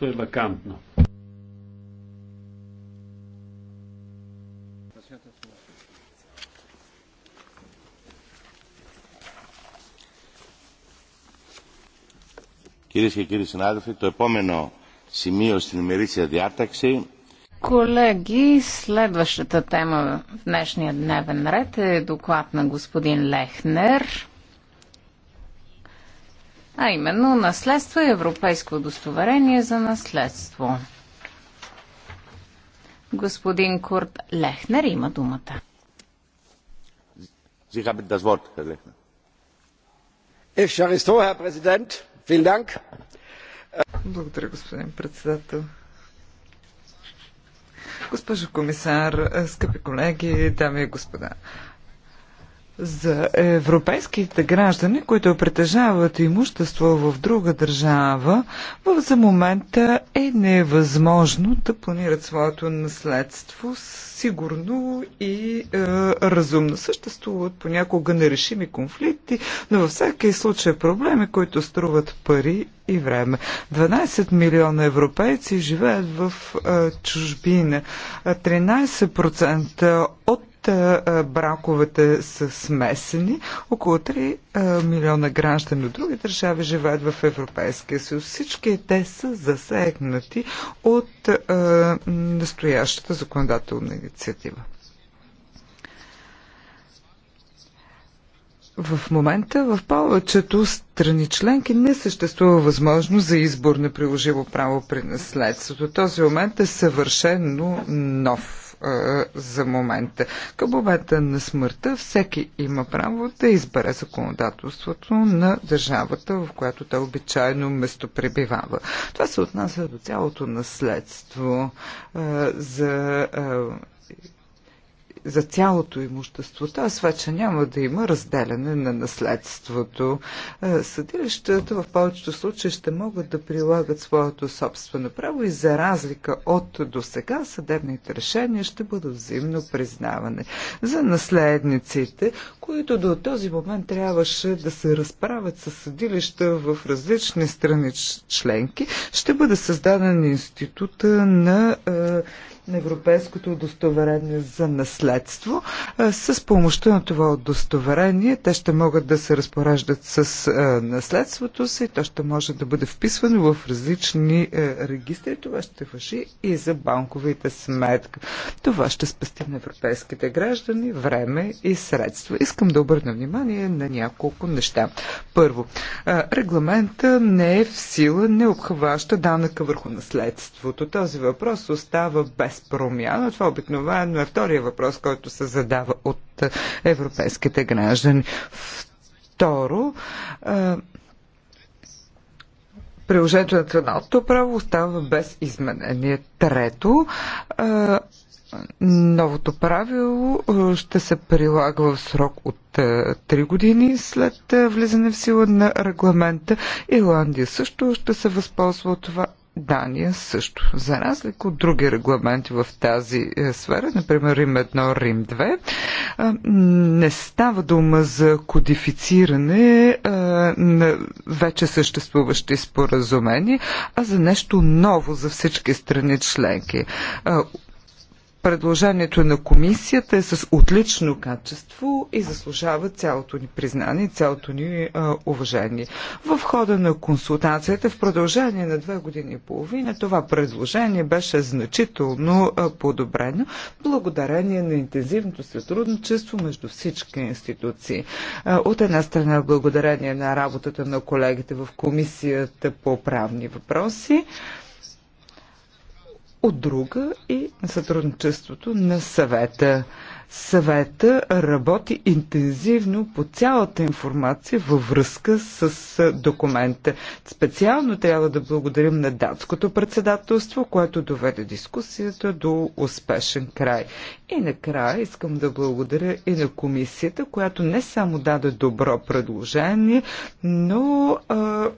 То е вакантно. Κυρίες και κύριοι συνάδελφοι, το επόμενο σημείο στην ημερήσια διάταξη Колеги, следващата тема в днешния дневен ред е доклад на господин Лехнер а именно наследство и европейско удостоверение за наследство. Господин Курт Лехнер има думата. Sie haben das Wort, Herr Lechner. Ich Herr Präsident. Vielen Dank. Благодаря, господин председател. Госпожо комисар, скъпи колеги, дами и господа за европейските граждани, които притежават имущество в друга държава, за момента е невъзможно да планират своето наследство сигурно и е, разумно. Съществуват понякога нерешими конфликти, но във всеки случай проблеми, които струват пари и време. 12 милиона европейци живеят в е, чужбина. 13% от браковете са смесени. Около 3 милиона граждани от други държави живеят в Европейския съюз. Всички те са засегнати от настоящата законодателна инициатива. В момента в повечето страни членки не съществува възможност за избор на приложимо право при наследството. Този момент е съвършенно нов за момента. Към момента на смъртта всеки има право да избере законодателството на държавата, в която той обичайно местопребивава. Това се отнася до цялото наследство за за цялото имущество. това, вече няма да има разделяне на наследството. Е, съдилищата в повечето случаи ще могат да прилагат своето собствено право и за разлика от до сега съдебните решения ще бъдат взаимно признаване. За наследниците, които до този момент трябваше да се разправят с съдилища в различни страни членки, ще бъде създаден института на е, на европейското удостоверение за наследство. Е, с помощта на това удостоверение те ще могат да се разпореждат с е, наследството си, то ще може да бъде вписвано в различни е, регистри. Това ще върши и за банковите сметки. Това ще спасти на европейските граждани време и средства. Искам да обърна внимание на няколко неща. Първо, регламента не е в сила, не обхваща данъка върху наследството. Този въпрос остава без промяна. Това обикновено е втория въпрос, който се задава от е, европейските граждани. Второ, е, приложението на националното право остава без изменение. Трето, е, новото правило ще се прилага в срок от 3 години след влизане в сила на регламента. Ирландия също ще се възползва от това, Дания също. За разлика от други регламенти в тази е, сфера, например Рим 1, Рим 2, е, не става дума за кодифициране е, на вече съществуващи споразумения, а за нещо ново за всички страни членки. Предложението на комисията е с отлично качество и заслужава цялото ни признание, цялото ни а, уважение. В хода на консултацията в продължение на две години и половина това предложение беше значително а, подобрено благодарение на интензивното сътрудничество между всички институции. А, от една страна благодарение на работата на колегите в комисията по правни въпроси, от друга и на сътрудничеството на съвета. Съвета работи интензивно по цялата информация във връзка с документа. Специално трябва да благодарим на датското председателство, което доведе дискусията до успешен край. И накрая искам да благодаря и на комисията, която не само даде добро предложение, но а,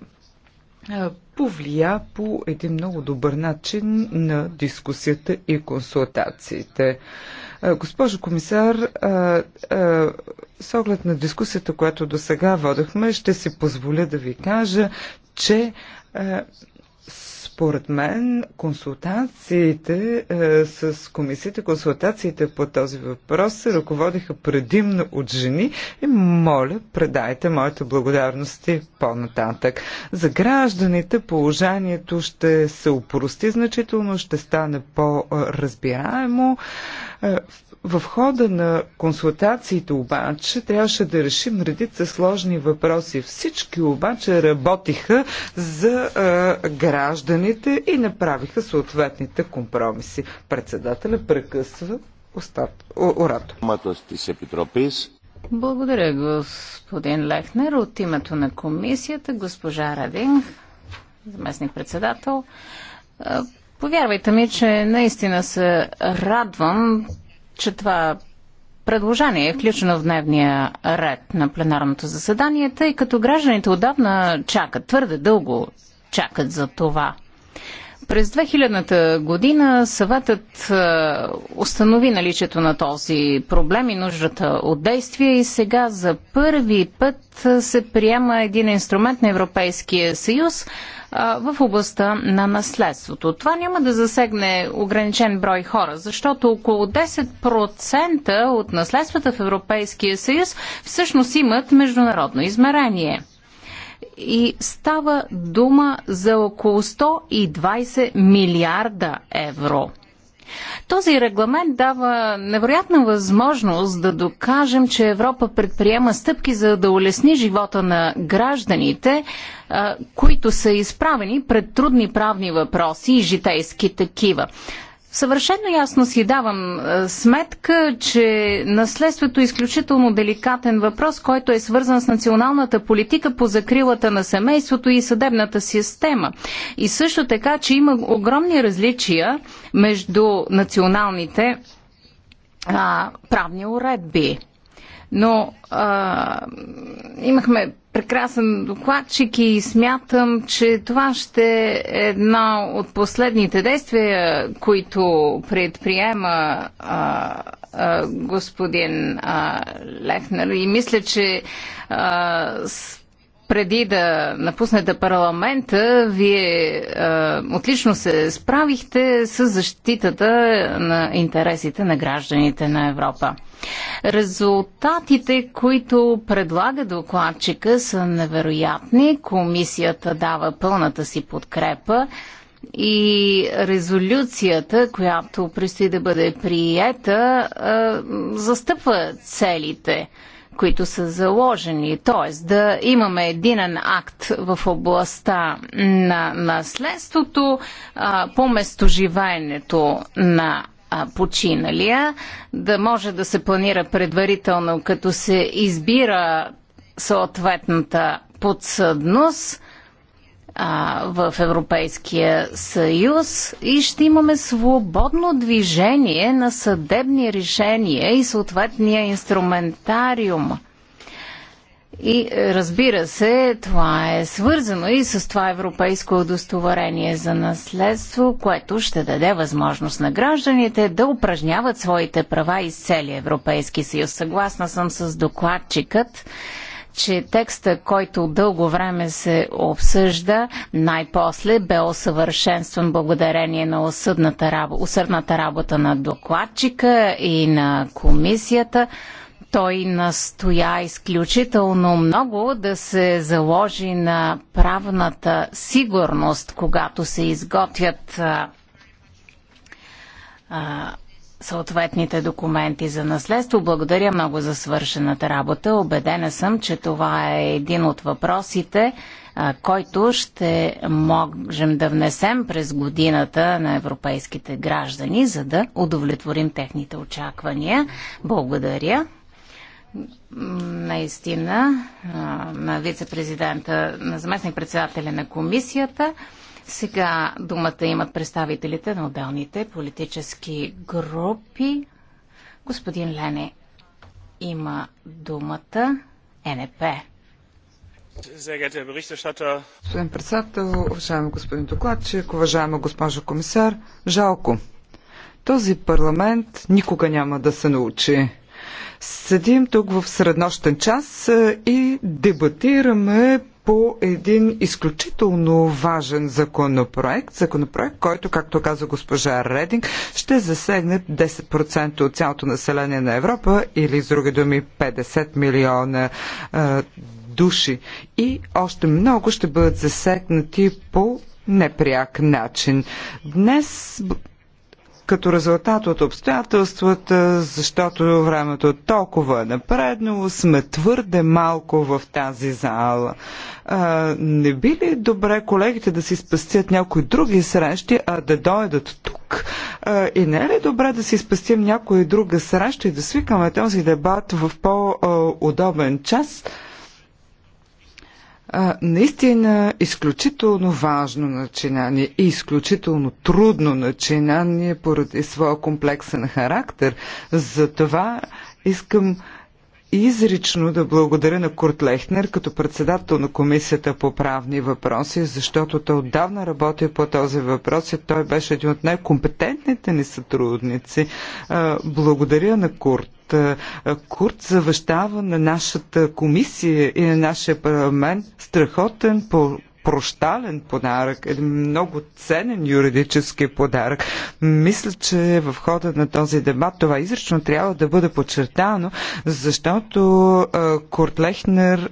повлия по един много добър начин на дискусията и консултациите. Госпожо комисар, с оглед на дискусията, която до сега водихме, ще си позволя да ви кажа, че според мен консултациите е, с комисията, консултациите по този въпрос се ръководиха предимно от жени и моля, предайте моите благодарности по-нататък. За гражданите положението ще се упрости значително, ще стане по-разбираемо. Е, в в хода на консултациите обаче трябваше да решим редица сложни въпроси. Всички обаче работиха за а, гражданите и направиха съответните компромиси. Председателя прекъсва остат, орато. Благодаря, господин Лехнер. От името на комисията, госпожа Радин, заместник-председател. Повярвайте ми, че наистина се радвам, че това предложение е включено в дневния ред на пленарното заседание, тъй като гражданите отдавна чакат, твърде дълго чакат за това. През 2000-та година съветът е, установи наличието на този проблем и нуждата от действие и сега за първи път е, се приема един инструмент на Европейския съюз е, в областта на наследството. Това няма да засегне ограничен брой хора, защото около 10% от наследствата в Европейския съюз всъщност имат международно измерение – и става дума за около 120 милиарда евро. Този регламент дава невероятна възможност да докажем, че Европа предприема стъпки за да улесни живота на гражданите, които са изправени пред трудни правни въпроси и житейски такива. Съвършено ясно си давам е, сметка, че наследството е изключително деликатен въпрос, който е свързан с националната политика по закрилата на семейството и съдебната система. И също така, че има огромни различия между националните а, правни уредби. Но а, имахме прекрасен докладчик и смятам, че това ще е едно от последните действия, които предприема а, а, господин а, Лехнер. И мисля, че а, с преди да напуснете парламента, вие а, е, отлично се справихте с защитата на интересите на гражданите на Европа. Резултатите, които предлага докладчика, са невероятни. Комисията дава пълната си подкрепа и резолюцията, която предстои да бъде приета, а, е, застъпва целите – които са заложени. Т.е. да имаме единен акт в областта на наследството по местоживаенето на починалия, да може да се планира предварително, като се избира съответната подсъдност – а, в Европейския съюз и ще имаме свободно движение на съдебни решения и съответния инструментариум. И разбира се, това е свързано и с това европейско удостоверение за наследство, което ще даде възможност на гражданите да упражняват своите права из целия Европейски съюз. Съгласна съм с докладчикът че текста, който дълго време се обсъжда, най-после бе усъвършенстван благодарение на усъдната работа, усърдната работа на докладчика и на комисията. Той настоя изключително много да се заложи на правната сигурност, когато се изготвят а, а, съответните документи за наследство. Благодаря много за свършената работа. Обедена съм, че това е един от въпросите, който ще можем да внесем през годината на европейските граждани, за да удовлетворим техните очаквания. Благодаря. Наистина, на вице-президента, на заместник-председателя на комисията. Сега думата имат представителите на отделните политически групи. Господин Лене има думата. НП. Господин председател, уважаеми господин докладчик, уважаема госпожо комисар, жалко. Този парламент никога няма да се научи. Седим тук в среднощен час е, и дебатираме по един изключително важен законопроект. Законопроект, който, както каза госпожа Рединг, ще засегне 10% от цялото население на Европа или, с други думи, 50 милиона а, е, души. И още много ще бъдат засегнати по непряк начин. Днес като резултат от обстоятелствата, защото времето е толкова е напреднало, сме твърде малко в тази зала. А, не би ли добре колегите да си спастят някои други срещи, а да дойдат тук? А, и не е ли добре да си спастим някоя друга среща и да свикаме този дебат в по-удобен час? а, наистина изключително важно начинание и изключително трудно начинание поради своя комплексен характер. Затова искам изрично да благодаря на Курт Лехнер като председател на Комисията по правни въпроси, защото той отдавна работи по този въпрос и той беше един от най-компетентните ни сътрудници. Благодаря на Курт. Курт завещава на нашата комисия и на нашия парламент страхотен прощален подарък, един много ценен юридически подарък. Мисля, че в хода на този дебат това изрично трябва да бъде подчертано, защото Курт Лехнер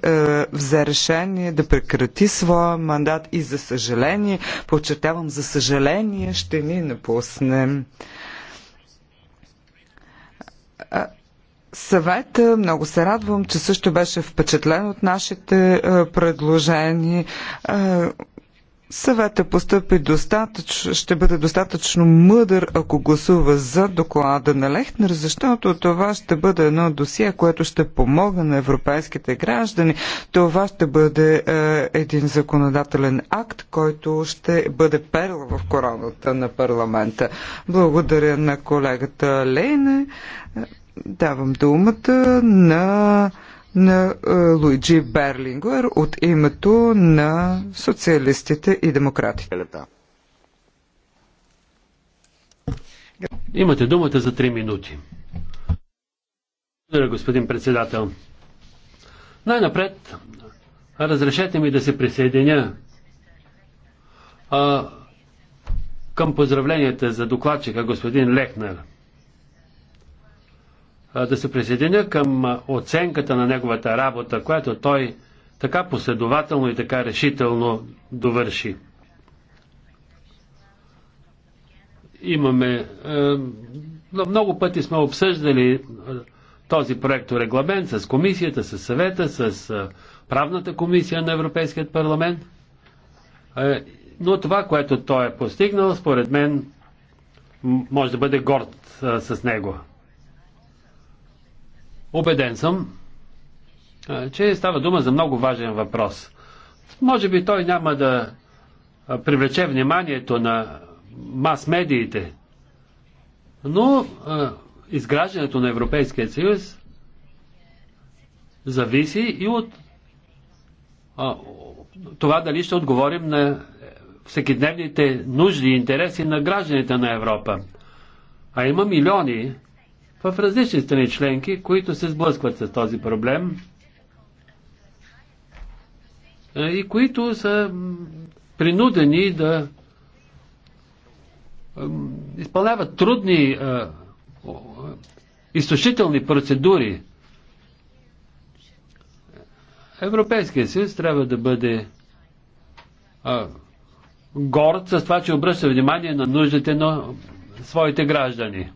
взе решение да прекрати своя мандат и за съжаление, подчертавам за съжаление, ще ни напуснем съвет. Много се радвам, че също беше впечатлен от нашите е, предложения. Е, съвета постъпи достатъчно, ще бъде достатъчно мъдър, ако гласува за доклада на Лехнер, защото това ще бъде едно досие, което ще помогне на европейските граждани. Това ще бъде е, един законодателен акт, който ще бъде перла в короната на парламента. Благодаря на колегата Лейне давам думата на, на е, Луиджи Берлингер от името на социалистите и демократите. Имате думата за 3 минути. Благодаря, господин председател. Най-напред, разрешете ми да се присъединя а, към поздравленията за докладчика господин Лехнер – да се присъединя към оценката на неговата работа, която той така последователно и така решително довърши. Имаме. Много пъти сме обсъждали този проект регламент с комисията, с съвета, с правната комисия на Европейският парламент. Но това, което той е постигнал, според мен, може да бъде горд с него. Обеден съм, че става дума за много важен въпрос. Може би той няма да привлече вниманието на мас-медиите, но изграждането на Европейския съюз зависи и от това дали ще отговорим на всекидневните нужди и интереси на гражданите на Европа. А има милиони, в различни страни членки, които се сблъскват с този проблем и които са принудени да изпълняват трудни изсушителни процедури. Европейския съюз трябва да бъде а, горд с това, че обръща внимание на нуждите на своите граждани.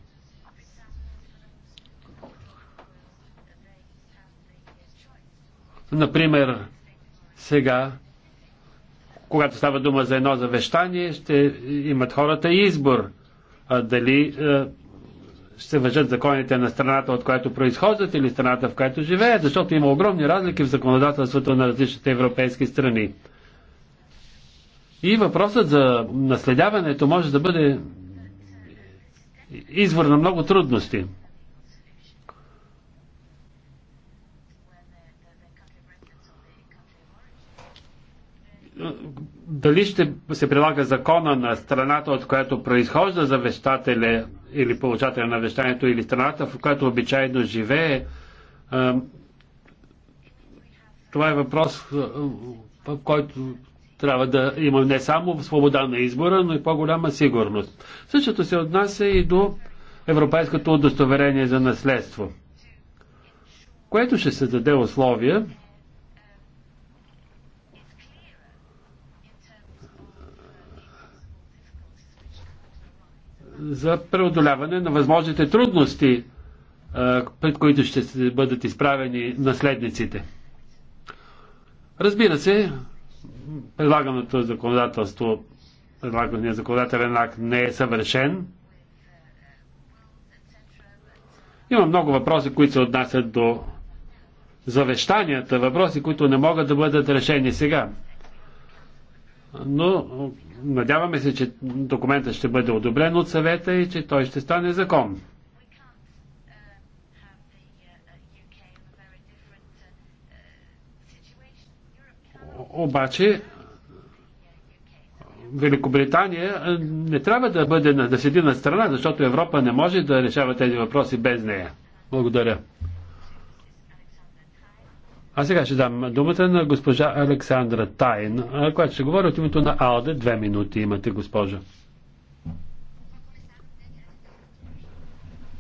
Например, сега, когато става дума за едно завещание, ще имат хората избор а, дали а, ще въжат законите на страната, от която произхождат или страната, в която живеят, защото има огромни разлики в законодателството на различните европейски страни. И въпросът за наследяването може да бъде извор на много трудности. дали ще се прилага закона на страната, от която произхожда завещателя или получателя на вещанието, или страната, в която обичайно живее, това е въпрос, в който трябва да има не само свобода на избора, но и по-голяма сигурност. Същото се отнася и до Европейското удостоверение за наследство, което ще се даде условия за преодоляване на възможните трудности, пред които ще бъдат изправени наследниците. Разбира се, предлаганото законодателство, предлаганият законодателен акт не е съвършен. Има много въпроси, които се отнасят до завещанията, въпроси, които не могат да бъдат решени сега. Но Надяваме се, че документът ще бъде одобрен от съвета и че той ще стане закон. Обаче Великобритания не трябва да бъде да седи на страна, защото Европа не може да решава тези въпроси без нея. Благодаря. А сега ще дам думата на госпожа Александра Тайн, която ще говори от името на АЛДЕ. Две минути имате, госпожа.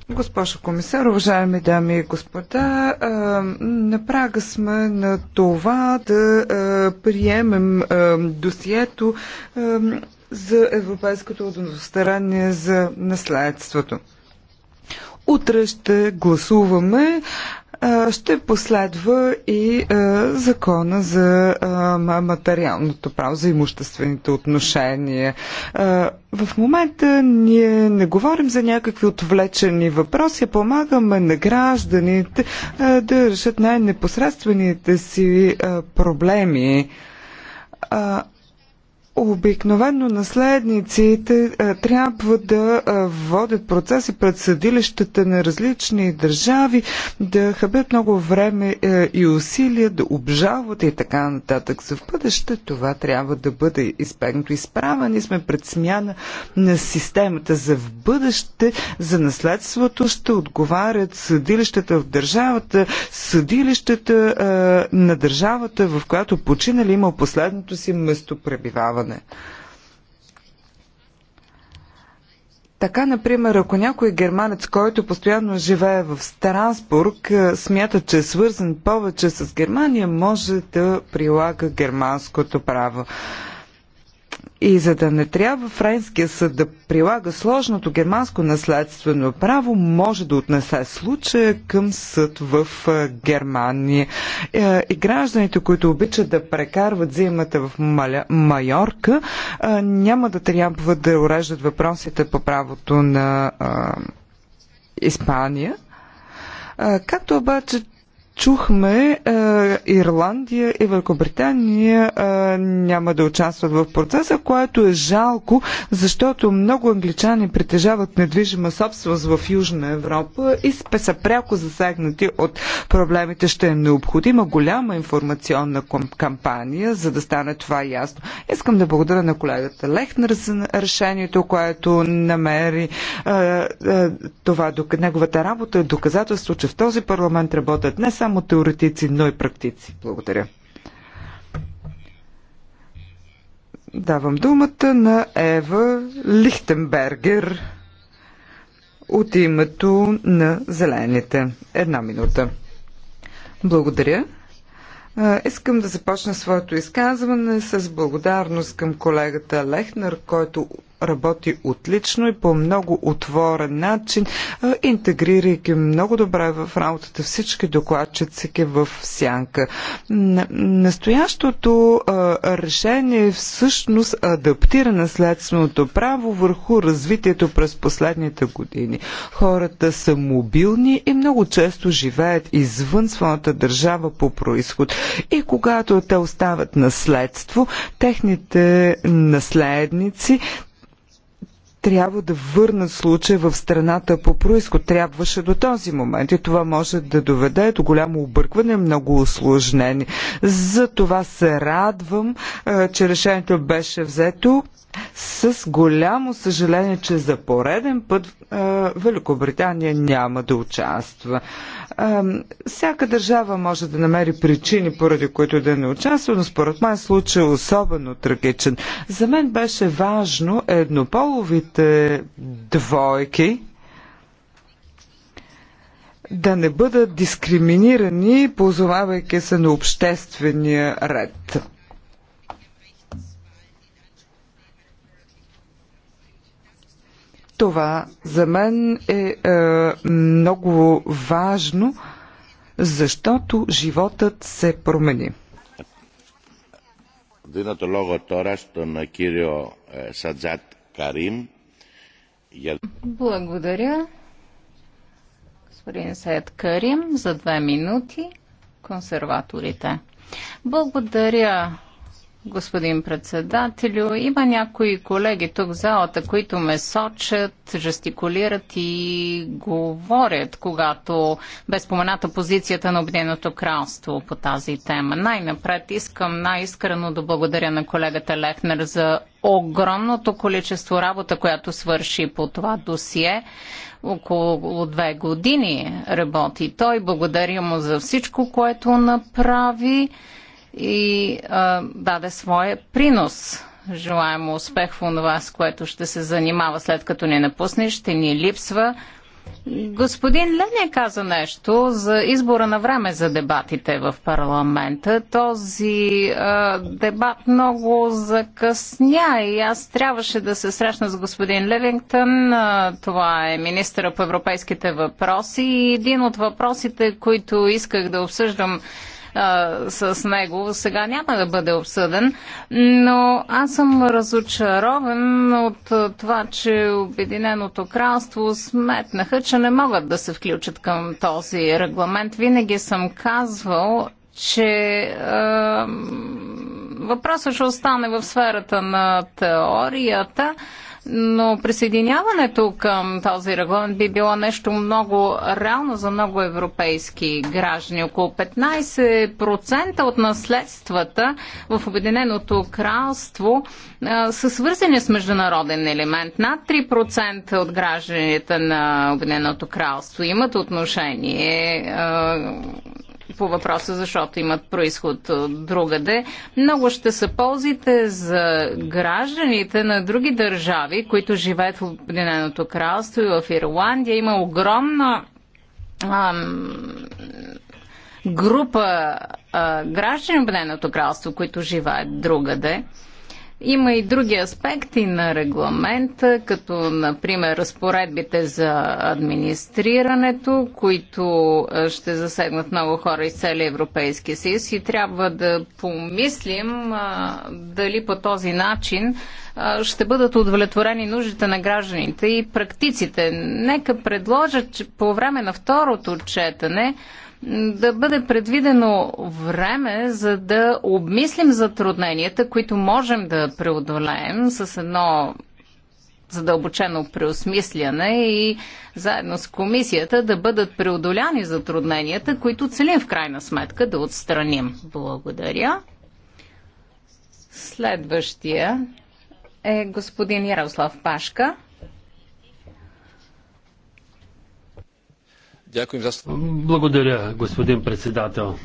Госпожо комисар, уважаеми дами и господа, на прага сме на това да приемем досието за Европейското удостоверение за наследството. Утре ще гласуваме ще последва и закона за материалното право, за имуществените отношения. В момента ние не говорим за някакви отвлечени въпроси, помагаме на гражданите да решат най-непосредствените си проблеми. Обикновено наследниците е, трябва да е, водят процеси пред съдилищата на различни държави, да хабят много време е, и усилия, да обжалват и така нататък. За в бъдеще това трябва да бъде изпегнато. Изправени сме пред смяна на системата. За в бъдеще за наследството ще отговарят съдилищата в държавата, съдилищата на държавата, в която починали има последното си местопребиваване гласуване. Така, например, ако някой германец, който постоянно живее в Страсбург, е, смята, че е свързан повече с Германия, може да прилага германското право. И за да не трябва френския съд да прилага сложното германско наследствено право, може да отнесе случая към съд в Германия. Е, и гражданите, които обичат да прекарват зимата в Майорка, няма да трябва да уреждат въпросите по правото на Испания. Както обаче Чухме, е, Ирландия и Великобритания е, няма да участват в процеса, което е жалко, защото много англичани притежават недвижима собственост в Южна Европа и са пряко засегнати от проблемите. Ще е необходима голяма информационна кампания, за да стане това ясно. Искам да благодаря на колегата Лехнер за решението, което намери е, е, това, неговата работа е доказателство, че в този парламент работят не само само теоретици, но и практици. Благодаря. Давам думата на Ева Лихтенбергер от името на Зелените. Една минута. Благодаря. Искам да започна своето изказване с благодарност към колегата Лехнер, който работи отлично и по много отворен начин, интегрирайки много добре в работата всички докладчици в сянка. Настоящото решение е всъщност адаптира наследственото право върху развитието през последните години. Хората са мобилни и много често живеят извън своята държава по происход. И когато те остават наследство, техните наследници трябва да върнат случая в страната по происход. Трябваше до този момент и това може да доведе до голямо объркване, много осложнени. За това се радвам, е, че решението беше взето с голямо съжаление, че за пореден път е, Великобритания няма да участва. Е, всяка държава може да намери причини, поради които да не участва, но според мен случай е особено трагичен. За мен беше важно еднополовите двойните двойки да не бъдат дискриминирани, позовавайки се на обществения ред. Това за мен е, е много важно, защото животът се промени. Δίνω лого тора на Кирио е, Садзат Карим. Благодаря. Господин Саед Карим за две минути. Консерваторите. Благодаря, господин председателю. Има някои колеги тук в залата, които ме сочат, жестикулират и говорят, когато бе спомената позицията на Обединеното кралство по тази тема. Най-напред искам най-искрено да благодаря на колегата Лехнер за огромното количество работа, която свърши по това досие. Около две години работи той. Благодаря му за всичко, което направи и а, даде своя принос. Желаем успех в това, с което ще се занимава след като ни напусне, ще ни липсва. Господин Лене каза нещо за избора на време за дебатите в парламента. Този а, дебат много закъсня и аз трябваше да се срещна с господин Левингтън. А, това е министъра по европейските въпроси и един от въпросите, които исках да обсъждам а, с него сега няма да бъде обсъден, но аз съм разочарован от това, че Обединеното кралство сметнаха, че не могат да се включат към този регламент. Винаги съм казвал, че а, въпросът ще остане в сферата на теорията но присъединяването към този регламент би било нещо много реално за много европейски граждани. Около 15% от наследствата в Обединеното кралство а, са свързани с международен елемент. Над 3% от гражданите на Обединеното кралство имат отношение а, по въпроса, защото имат происход от другаде. Много ще са ползите за гражданите на други държави, които живеят в Обединеното кралство и в Ирландия. Има огромна ам, група а, граждани в Обединеното кралство, които живеят другаде. Има и други аспекти на регламента, като например разпоредбите за администрирането, които е, ще засегнат много хора из целия Европейски съюз и трябва да помислим е, дали по този начин е, ще бъдат удовлетворени нуждите на гражданите и практиците. Нека предложат, че по време на второто четене да бъде предвидено време, за да обмислим затрудненията, които можем да преодолеем с едно задълбочено преосмисляне и заедно с комисията да бъдат преодоляни затрудненията, които целим в крайна сметка да отстраним. Благодаря. Следващия е господин Ярослав Пашка. Благодаря, господин председател.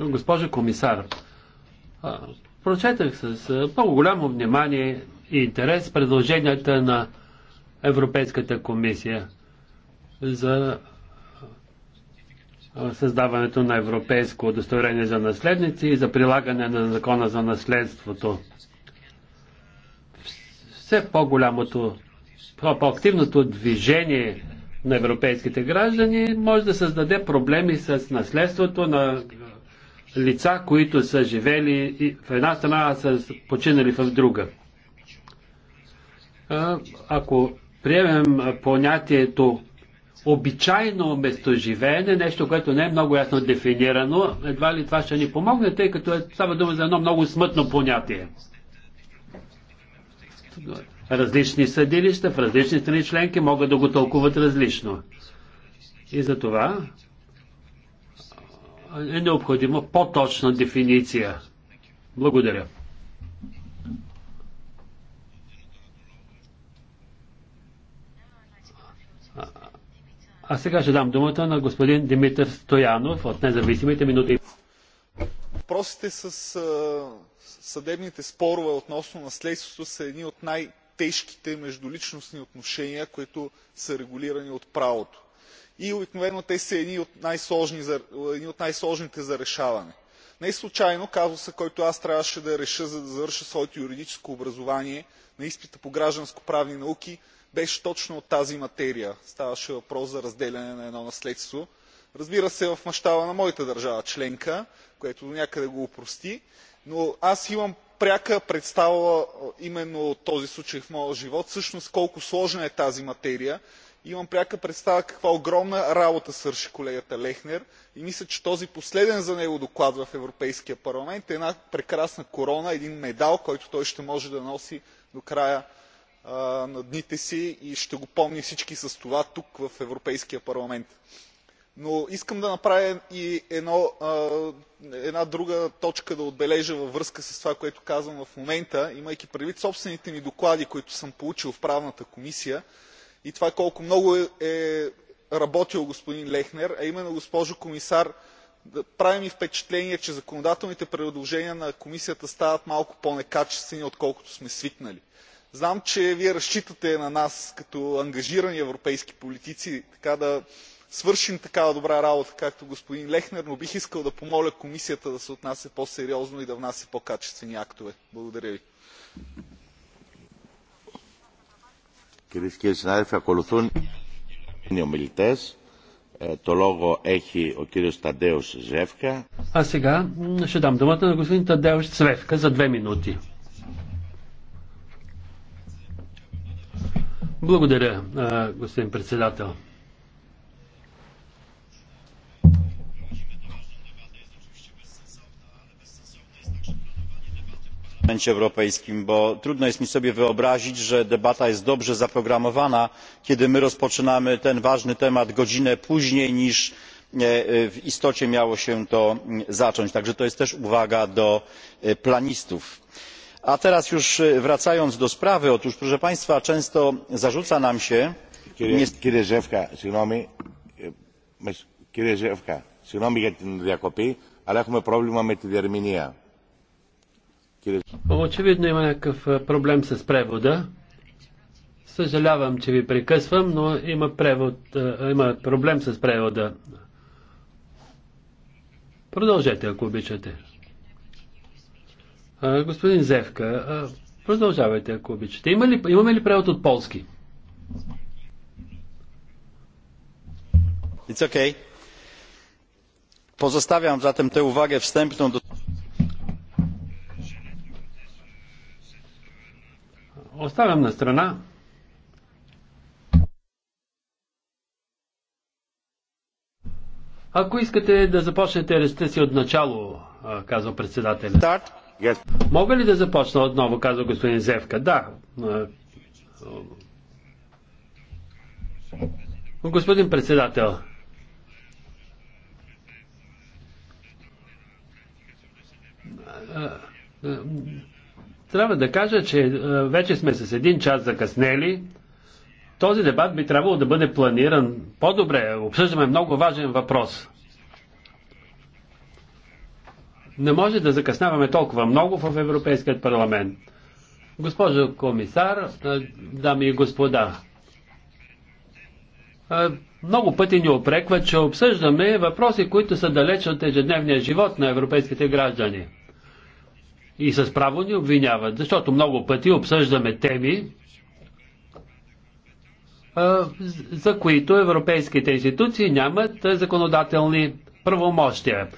Госпожа комисар, прочетах с много голямо внимание и интерес предложенията на Европейската комисия за създаването на европейско удостоверение за наследници и за прилагане на закона за наследството. Все по-голямото по-активното движение на европейските граждани може да създаде проблеми с наследството на лица, които са живели в една страна, а са починали в друга. Ако приемем понятието обичайно местоживеене, нещо, което не е много ясно дефинирано, едва ли това ще ни помогне, тъй като е, става дума за едно много смътно понятие различни съдилища в различни страни членки могат да го толкуват различно. И за това е необходима по-точна дефиниция. Благодаря. А сега ще дам думата на господин Димитър Стоянов от независимите минути. Въпросите с съдебните спорове относно наследството са едни от най- тежките междуличностни отношения, които са регулирани от правото. И обикновено те са едни от най-сложните за решаване. Не случайно казуса, който аз трябваше да реша, за да завърша своето юридическо образование на изпита по гражданско-правни науки, беше точно от тази материя. Ставаше въпрос за разделяне на едно наследство. Разбира се, в мащаба на моята държава членка, което до някъде го опрости, но аз имам пряка представа именно този случай в моя живот всъщност колко сложна е тази материя. Имам пряка представа каква огромна работа свърши колегата Лехнер и мисля, че този последен за него доклад в Европейския парламент е една прекрасна корона, един медал, който той ще може да носи до края на дните си и ще го помни всички с това тук в Европейския парламент но искам да направя и една друга точка да отбележа във връзка с това което казвам в момента имайки предвид собствените ми доклади които съм получил в правната комисия и това колко много е, е работил господин лехнер а именно госпожо комисар прави ми впечатление че законодателните предложения на комисията стават малко по некачествени отколкото сме свикнали. знам че вие разчитате на нас като ангажирани европейски политици да свършим такава добра работа както господин лехнер но бих искал да помоля комисията да се отнася по сериозно и да внася по качествени актове. благодаря ви. А сега ще дам думата на господин Тадеуш Цвевка за две минути. Благодаря, господин председател. parlamencie europejskim bo trudno jest mi sobie wyobrazić że debata jest dobrze zaprogramowana kiedy my rozpoczynamy ten ważny temat godzinę później niż w istocie miało się to zacząć. także to jest też uwaga do planistów. a teraz już wracając do sprawy otóż proszę państwa często zarzuca nam się ale Очевидно има някакъв проблем с превода. Съжалявам, че ви прекъсвам, но има, превод, има проблем с превода. Продължете, ако обичате. господин Зевка, продължавайте, ако обичате. Има ли, имаме ли превод от полски? It's okay. Pozostawiam zatem tę uwagę wstępną do Оставям на страна Ако искате да започнете реста си от начало, казва председателя. Start. Yes. Мога ли да започна отново, казва господин Зевка? Да. Господин председател, трябва да кажа, че е, вече сме с един час закъснели. Този дебат би трябвало да бъде планиран по-добре. Обсъждаме много важен въпрос. Не може да закъсняваме толкова много в Европейският парламент. Госпожо комисар, е, дами и господа, е, много пъти ни опрекват, че обсъждаме въпроси, които са далеч от ежедневния живот на европейските граждани. И с право ни обвиняват, защото много пъти обсъждаме теми, за които европейските институции нямат законодателни правомощия.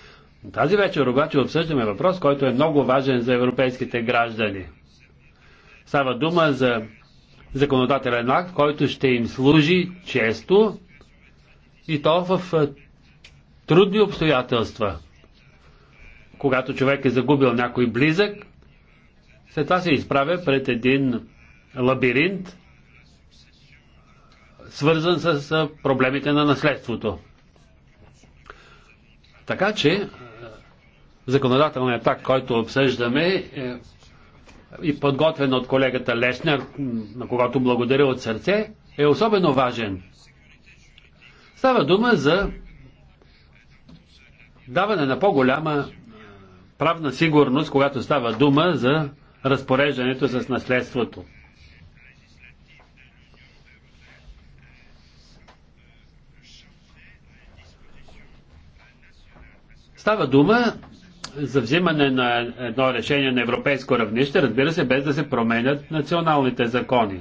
Тази вечер обаче обсъждаме въпрос, който е много важен за европейските граждани. Става дума за законодателен акт, който ще им служи често и то в трудни обстоятелства когато човек е загубил някой близък, след това се изправя пред един лабиринт, свързан с проблемите на наследството. Така че законодателният так, който обсъждаме, е и подготвен от колегата Лешнер, на когато благодаря от сърце, е особено важен. Става дума за даване на по-голяма правна сигурност, когато става дума за разпореждането с наследството. Става дума за взимане на едно решение на европейско равнище, разбира се, без да се променят националните закони.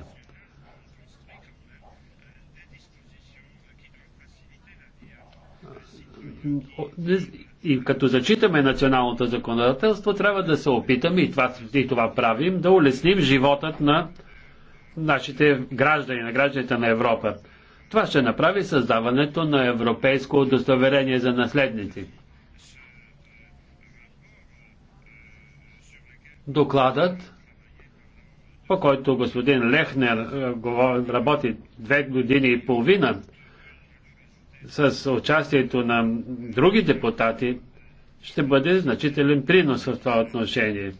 и като зачитаме националното законодателство, трябва да се опитаме, и това, и това правим, да улесним животът на нашите граждани, на гражданите на Европа. Това ще направи създаването на европейско удостоверение за наследници. Докладът, по който господин Лехнер е, работи две години и половина, с участието на други депутати ще бъде значителен принос в това отношение.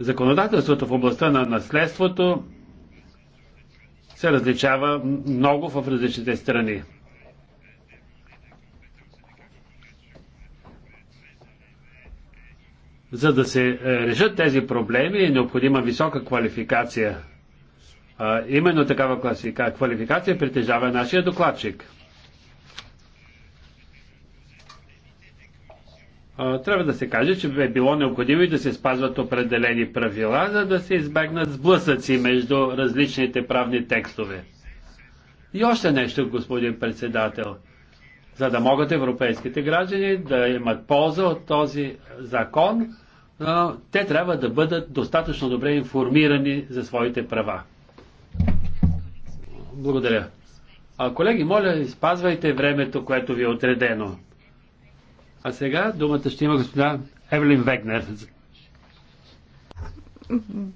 Законодателството в областта на наследството се различава много в различните страни. За да се е, решат тези проблеми е необходима висока квалификация – а, именно такава класика, квалификация притежава нашия докладчик. А, трябва да се каже, че е било необходимо и да се спазват определени правила, за да се избегнат сблъсъци между различните правни текстове. И още нещо, господин председател за да могат европейските граждани да имат полза от този закон, те трябва да бъдат достатъчно добре информирани за своите права. Благодаря. А, колеги, моля, спазвайте времето, което ви е отредено. А сега думата ще има господа Евелин Вегнер.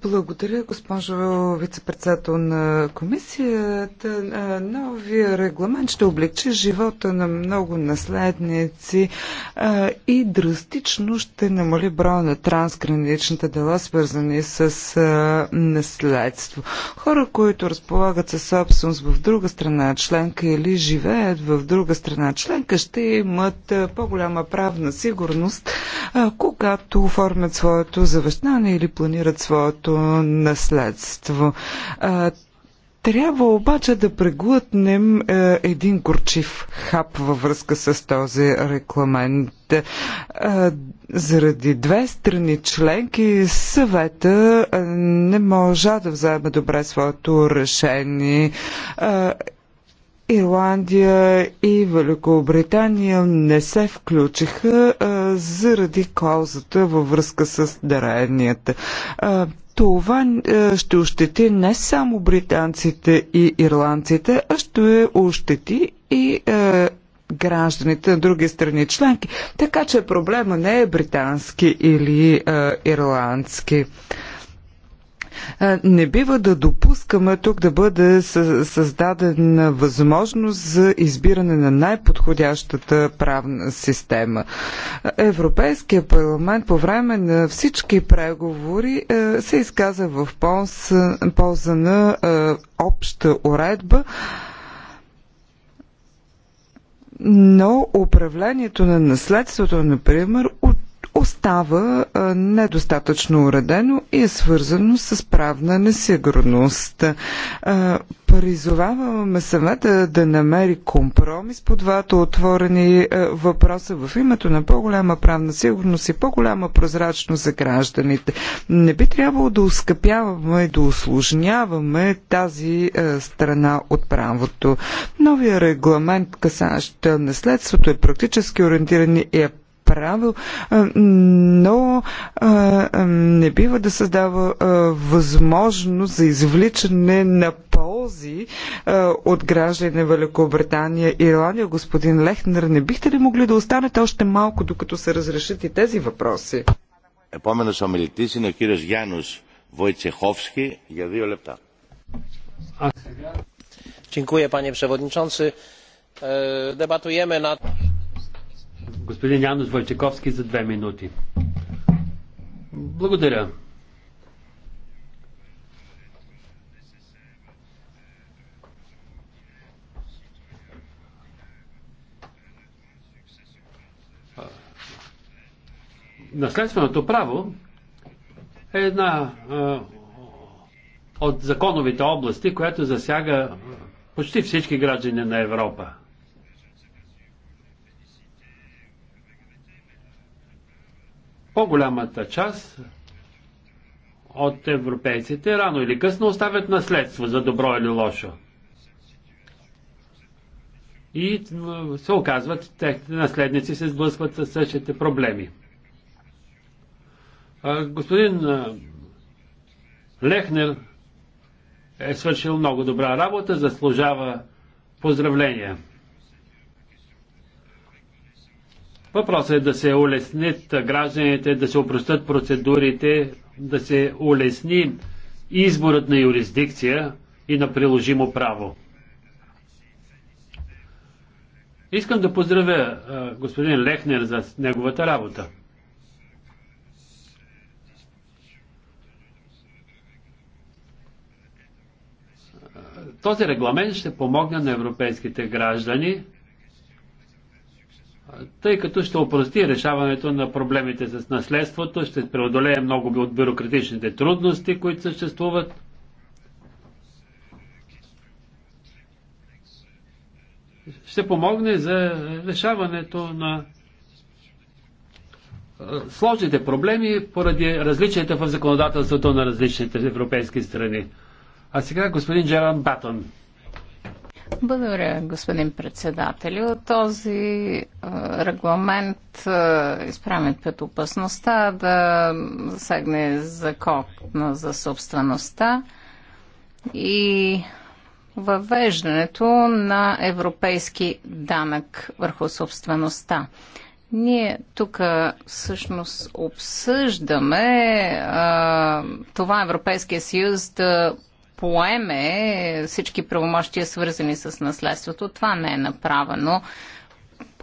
Благодаря, госпожо вице-председател на комисията. Новия регламент ще облегчи живота на много наследници и драстично ще намали броя на трансграничните дела, свързани с наследство. Хора, които разполагат със собственост в друга страна членка или живеят в друга страна членка, ще имат по-голяма правна сигурност, когато оформят своето завещание или планират своето наследство. Трябва обаче да преглътнем е, един горчив хап във връзка с този рекламент. Е, заради две страни членки съвета е, не можа да вземе добре своето решение. Е, Ирландия и Великобритания не се включиха а, заради каузата във връзка с дараенията. А, това ще ощети не само британците и ирландците, а ще ощети и е, гражданите на други страни членки. Така че проблема не е британски или е, ирландски. Не бива да допускаме тук да бъде създадена възможност за избиране на най-подходящата правна система. Европейския парламент по време на всички преговори се изказа в полза, полза на обща уредба, но управлението на наследството, например, остава недостатъчно уредено и е свързано с правна несигурност. Призоваваме съвета да намери компромис по двата отворени въпроса в името на по-голяма правна сигурност и по-голяма прозрачност за гражданите. Не би трябвало да ускъпяваме и да усложняваме тази страна от правото. Новия регламент, касащ наследството, е практически ориентиран и е правил, но не бива да създава възможност за извличане на ползи от граждани на Великобритания и Ирландия. Господин Лехнер, не бихте ли могли да останете още малко, докато се разрешат и тези въпроси? Επόμενος ομιλητής είναι на κύριος Янус Войцеховски за δύο лепта. Dziękuję panie przewodniczący. E, debatujemy nad господин Янус Войчаковски за две минути. Благодаря. Наследственото право е една е, от законовите области, която засяга почти всички граждани на Европа. По-голямата част от европейците рано или късно оставят наследство за добро или лошо. И се оказват, техните наследници се сблъскват с същите проблеми. Господин Лехнер е свършил много добра работа, заслужава поздравления. Въпросът е да се улеснят гражданите, да се опростат процедурите, да се улесни изборът на юрисдикция и на приложимо право. Искам да поздравя господин Лехнер за неговата работа. Този регламент ще помогне на европейските граждани тъй като ще опрости решаването на проблемите с наследството, ще преодолее много от бюрократичните трудности, които съществуват. Ще помогне за решаването на сложните проблеми поради различията в законодателството на различните европейски страни. А сега господин Джеран Батон. Благодаря, господин председател. От този регламент изправен пред опасността да засегне закон за собствеността и въвеждането на европейски данък върху собствеността. Ние тук всъщност обсъждаме а, това Европейския съюз да поеме всички правомощия, свързани с наследството. Това не е направено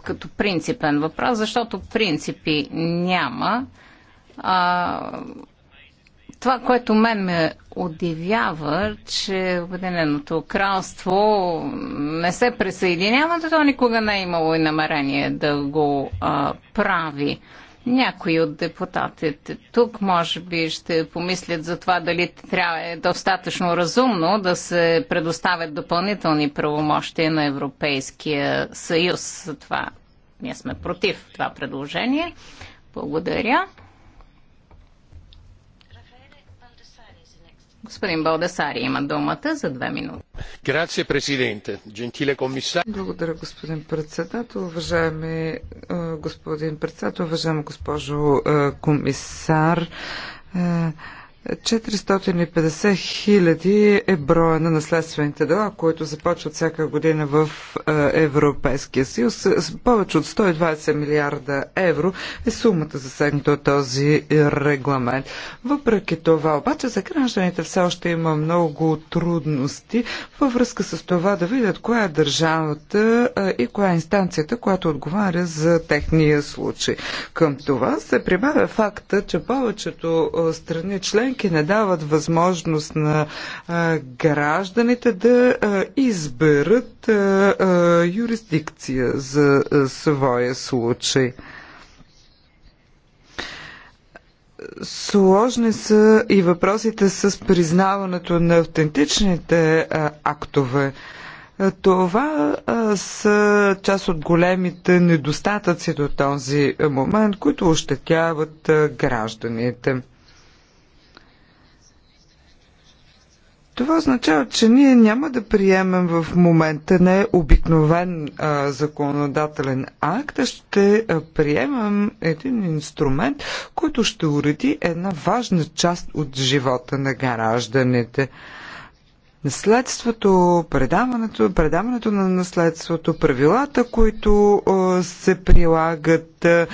като принципен въпрос, защото принципи няма. А, това, което мен ме удивява, че Обединеното кралство не се присъединява, то никога не е имало и намерение да го а, прави. Някои от депутатите тук може би ще помислят за това дали трябва е достатъчно разумно да се предоставят допълнителни правомощия на Европейския съюз. Това ние сме против това предложение. Благодаря. Господин Балдасари има думата за две минути. Грация, президенте. Джентиле комисар. Благодаря, господин председател. Уважаеми е, господин председател, уважаема госпожо е, комисар. Е, 450 хиляди е броя на наследствените дела, които започват всяка година в е, Европейския съюз. Повече от 120 милиарда евро е сумата засегната от този регламент. Въпреки това, обаче за гражданите все още има много трудности във връзка с това да видят коя е държавата е, и коя е инстанцията, която отговаря за техния случай. Към това се прибавя факта, че повечето е, страни членки членки не дават възможност на гражданите да изберат юрисдикция за своя случай. Сложни са и въпросите с признаването на автентичните актове. Това а, са част от големите недостатъци до този момент, които ощетяват а, гражданите. Това означава, че ние няма да приемем в момента не обикновен а, законодателен акт, а ще а, приемем един инструмент, който ще уреди една важна част от живота на гражданите. Наследството, предаването, предаването на наследството, правилата, които а, се прилагат. А,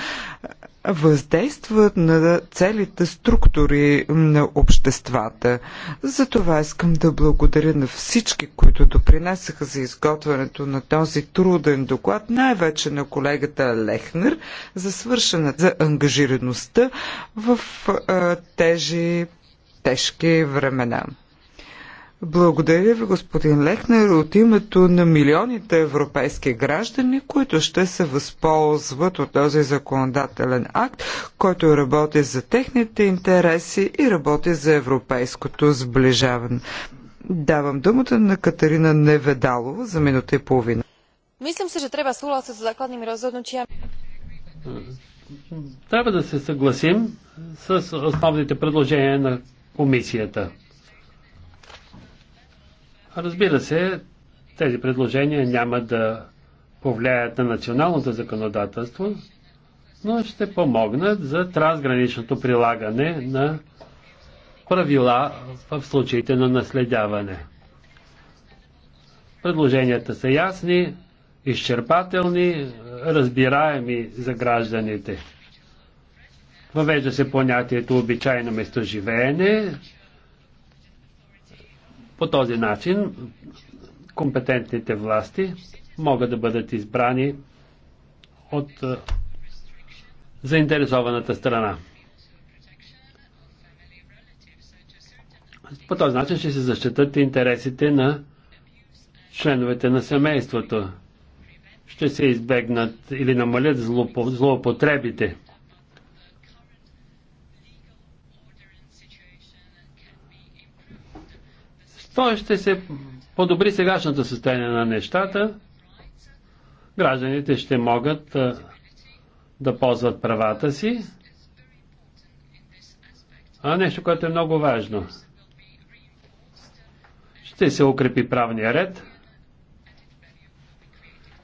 въздействат на целите структури на обществата. За това искам да благодаря на всички, които допринесаха за изготвянето на този труден доклад, най-вече на колегата Лехнер, за свършена за ангажираността в а, тежи, тежки времена. Благодаря ви, господин Лехнер, от името на милионите европейски граждани, които ще се възползват от този законодателен акт, който работи за техните интереси и работи за европейското сближаване. Давам думата на Катерина Неведалова за минута и половина. Мислям се, че трябва съгласие с закладними разhodnutia. Трябва да се съгласим с основните предложения на комисията. Разбира се, тези предложения няма да повлияят на националното законодателство, но ще помогнат за трансграничното прилагане на правила в случаите на наследяване. Предложенията са ясни, изчерпателни, разбираеми за гражданите. Въвежда се понятието обичайно местоживеене, по този начин компетентните власти могат да бъдат избрани от е, заинтересованата страна. По този начин ще се защитат интересите на членовете на семейството. Ще се избегнат или намалят злоупотребите. Той ще се подобри сегашното състояние на нещата. Гражданите ще могат да ползват правата си. А нещо, което е много важно. Ще се укрепи правния ред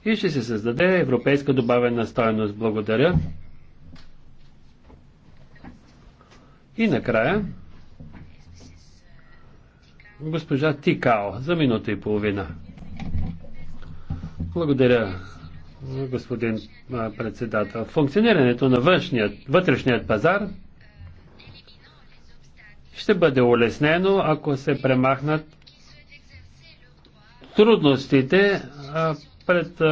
и ще се създаде европейска добавена стоеност. Благодаря. И накрая. Госпожа Тикао, за минута и половина. Благодаря, господин председател. Функционирането на външният, вътрешният пазар ще бъде улеснено, ако се премахнат трудностите пред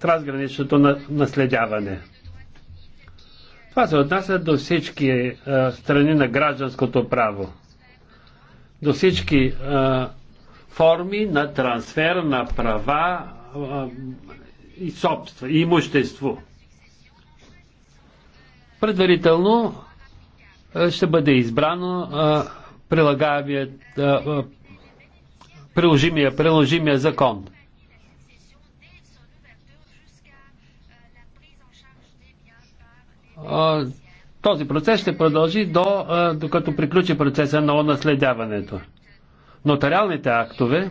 трансграничното наследяване. Това се отнася до всички страни на гражданското право до всички а, форми на трансфер на права а, и собство, и имущество. Предварително а, ще бъде избрано а, прилагавият, а, а, приложимия, приложимия закон. А, този процес ще продължи до, докато приключи процеса на наследяването. Нотариалните актове,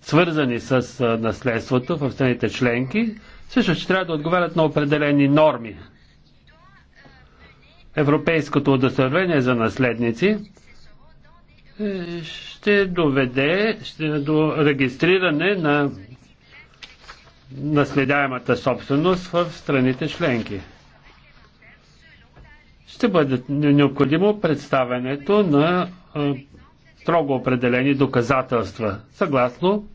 свързани с наследството в страните членки, също ще трябва да отговарят на определени норми. Европейското удостоверение за наследници е, ще доведе ще, до регистриране на наследяемата собственост в страните членки ще бъде необходимо представянето на строго определени доказателства, съгласно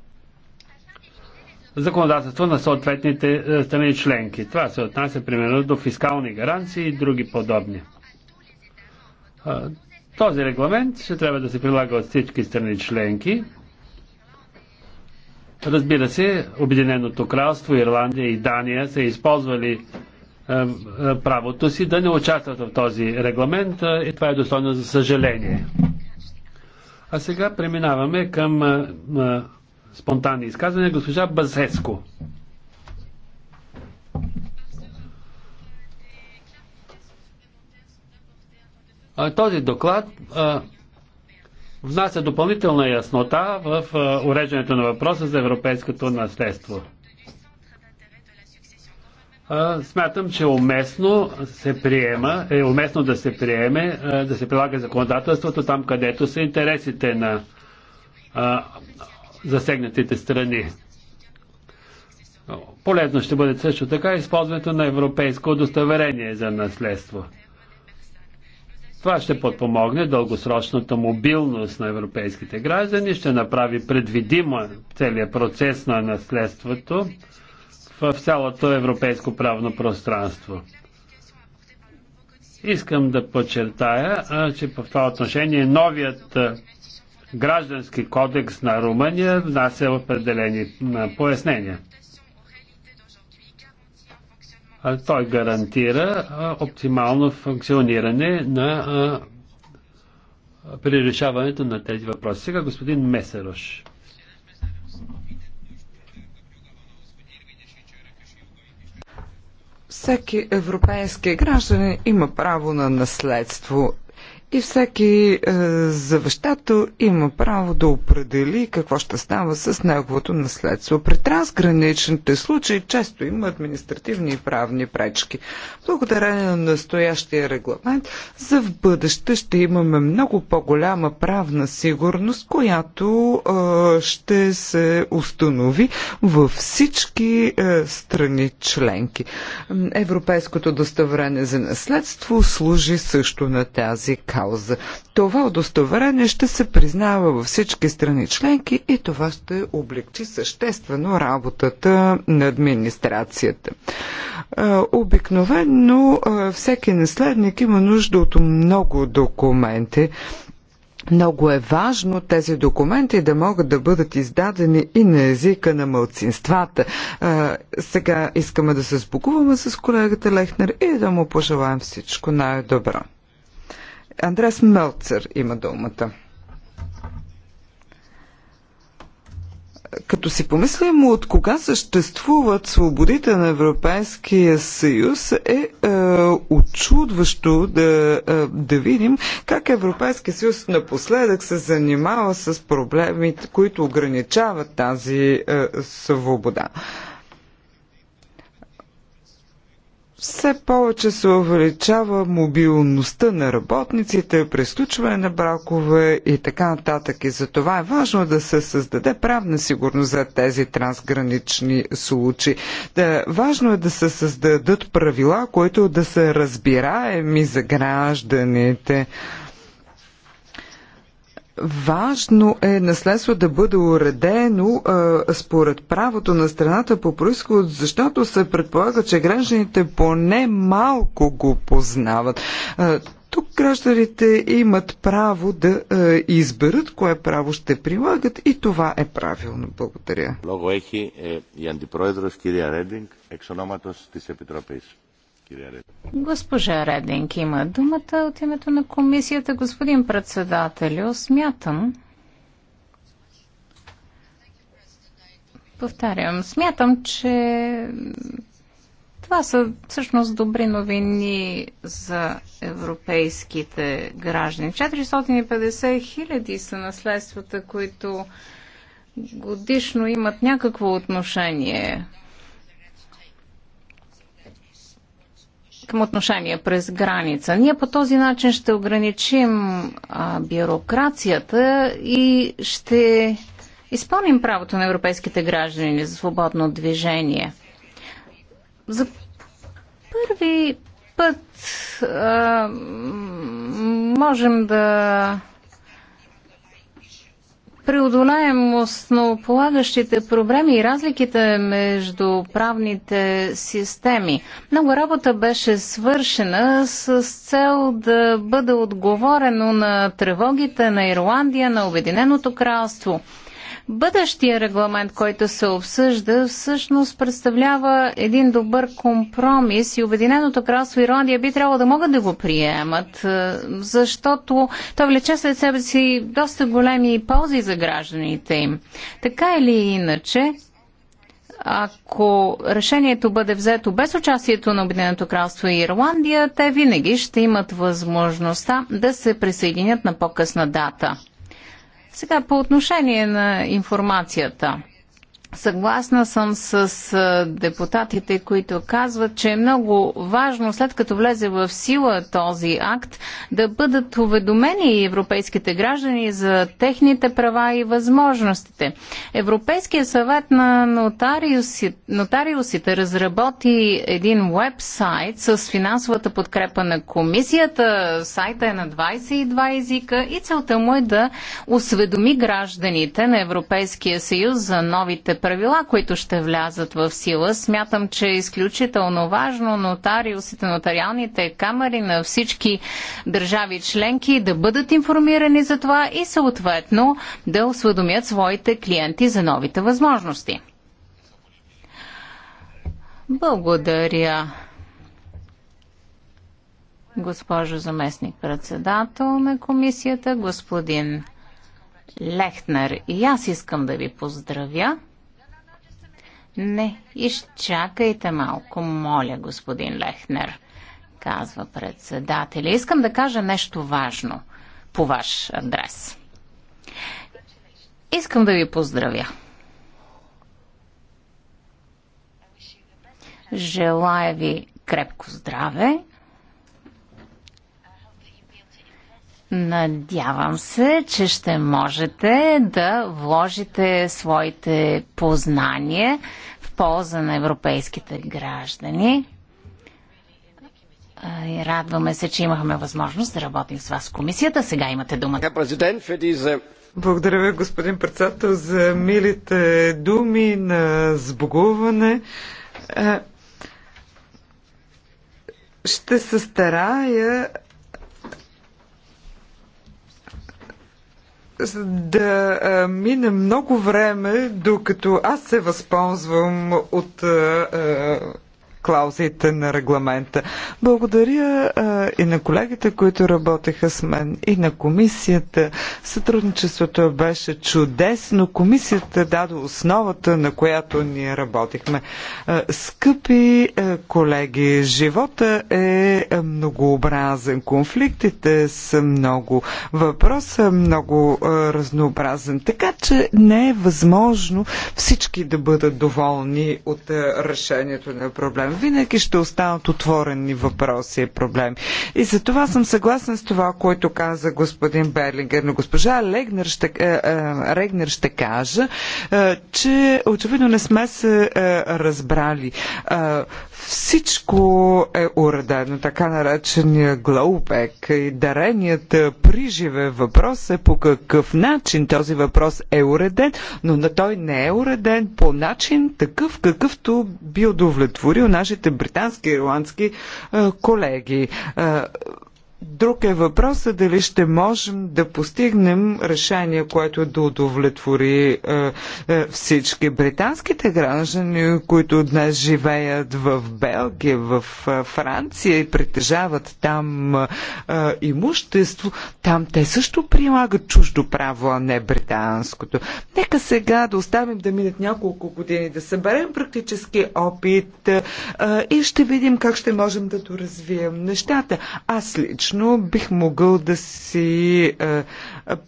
законодателство на съответните страни членки. Това се отнася примерно до фискални гаранции и други подобни. Този регламент ще трябва да се прилага от всички страни членки. Разбира се, Обединеното кралство, Ирландия и Дания са използвали е, е, правото си да не участват в този регламент е, и това е достойно за съжаление. А сега преминаваме към спонтанни изказвания. Госпожа Базеско. Този доклад внася допълнителна яснота в уреждането на въпроса за европейското наследство смятам, че уместно се приема, е уместно да се приеме, да се прилага законодателството там, където са интересите на засегнатите страни. Полезно ще бъде също така използването на европейско удостоверение за наследство. Това ще подпомогне дългосрочната мобилност на европейските граждани, ще направи предвидимо целият процес на наследството, в цялото европейско правно пространство. Искам да подчертая, че в това отношение новият граждански кодекс на Румъния внася определени пояснения. Той гарантира оптимално функциониране на при решаването на тези въпроси. Сега господин Месерош. Всеки европейски гражданин има право на наследство и всеки е, завещател има право да определи какво ще става с неговото наследство. При трансграничните случаи често има административни и правни пречки. Благодарение на настоящия регламент, за в бъдеще ще имаме много по-голяма правна сигурност, която е, ще се установи във всички е, страни членки. Европейското доставление за наследство служи също на тази кауза кауза. Това удостоверение ще се признава във всички страни членки и това ще облегчи съществено работата на администрацията. Обикновено всеки наследник има нужда от много документи. Много е важно тези документи да могат да бъдат издадени и на езика на мълцинствата. А, сега искаме да се сбогуваме с колегата Лехнер и да му пожелаем всичко най-добро. Андрес Мелцер има думата. като си помислим от кога съществуват свободите на Европейския съюз, е, е очудващо да, е, да видим как Европейския съюз напоследък се занимава с проблемите, които ограничават тази е, свобода. Е, все повече се увеличава мобилността на работниците, пресключване на бракове и така нататък. И за това е важно да се създаде правна сигурност за тези трансгранични случаи. Да, важно е да се създадат правила, които да са разбираеми за гражданите. Важно е наследство да бъде уредено а, според правото на страната по происход, защото се предполага, че гражданите поне малко го познават. А, тук гражданите имат право да а, изберат кое право ще прилагат и това е правилно. Благодаря. Λόγο Госпожа Рединг има думата от името на комисията. Господин председател, смятам, повтарям, смятам, че това са всъщност добри новини за европейските граждани. 450 хиляди са наследствата, които годишно имат някакво отношение към отношение през граница. Ние по този начин ще ограничим а, бюрокрацията и ще изпълним правото на европейските граждани за свободно движение. За първи път а, можем да преодолеем основополагащите проблеми и разликите между правните системи. Много работа беше свършена с цел да бъде отговорено на тревогите на Ирландия, на Обединеното кралство – Бъдещия регламент, който се обсъжда, всъщност представлява един добър компромис и Обединеното кралство Ирландия би трябвало да могат да го приемат, е, защото то влече след себе си доста големи ползи за гражданите им. Така или иначе, ако решението бъде взето без участието на Обединеното кралство и Ирландия, те винаги ще имат възможността да се присъединят на по-късна дата. Сега по отношение на информацията. Съгласна съм с депутатите, които казват, че е много важно, след като влезе в сила този акт, да бъдат уведомени европейските граждани за техните права и възможностите. Европейския съвет на нотариуси, нотариусите разработи един вебсайт с финансовата подкрепа на комисията. Сайта е на 22 езика и целта му е да осведоми гражданите на Европейския съюз за новите правила, които ще влязат в сила. Смятам, че е изключително важно нотариусите, нотариалните камери на всички държави членки да бъдат информирани за това и съответно да осведомят своите клиенти за новите възможности. Благодаря. Госпожо заместник председател на комисията, господин Лехнер, и аз искам да ви поздравя. Не, изчакайте малко, моля, господин Лехнер, казва председателя. Искам да кажа нещо важно по ваш адрес. Искам да ви поздравя. Желая ви крепко здраве Надявам се, че ще можете да вложите своите познания в полза на европейските граждани. И радваме се, че имахме възможност да работим с вас в комисията. Сега имате думата. Благодаря ви, господин председател, за милите думи на сбогуване. Е, ще се старая да а, мине много време, докато аз се възползвам от а, а, клаузите на регламента. Благодаря а, и на колегите, които работеха с мен, и на комисията. Сътрудничеството беше чудесно. Комисията даде основата, на която ние работихме. А, скъпи а, колеги, живота е многообразен. Конфликтите са много. Въпросът е много а, разнообразен. Така че не е възможно всички да бъдат доволни от а, решението на проблема винаги ще останат отворени въпроси и проблеми. И за това съм съгласна с това, което каза господин Берлингер. Но госпожа Легнер ще, е, е, Регнер ще кажа, е, че очевидно не сме се е, разбрали. Е, всичко е уредено, така наречения глоупек и даренията при живе въпрос е по какъв начин този въпрос е уреден, но на той не е уреден по начин такъв, какъвто би удовлетворил нашите нашите британски и ирландски колеги. Друг е въпросът дали ще можем да постигнем решение, което да удовлетвори е, е, всички британските граждани, които днес живеят в Белгия, в е, Франция и притежават там е, е имущество. Там те също прилагат чуждо право, а не британското. Нека сега да оставим да минат няколко години, да съберем практически опит е, е и ще видим как ще можем да доразвием нещата. Аз лично лично бих могъл да си е,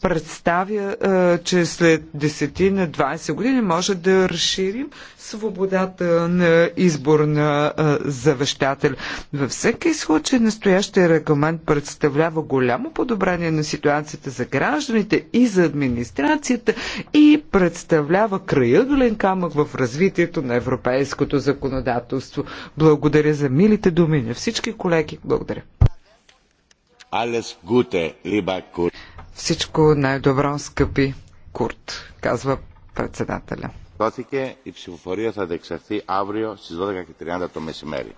представя, е, че след 10 на 20 години може да разширим свободата на избор на е, завещател. Във всеки случай настоящия регламент представлява голямо подобрение на ситуацията за гражданите и за администрацията и представлява краягален камък в развитието на европейското законодателство. Благодаря за милите думи на всички колеги. Благодаря. Alles Gute, lieber Kurt. Всичко най-добро, скъпи Курт, казва председателя. ψηφοφορία θα αύριο 12.30 το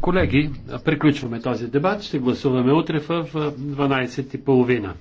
Колеги, приключваме този дебат. Ще гласуваме утре в 12.30.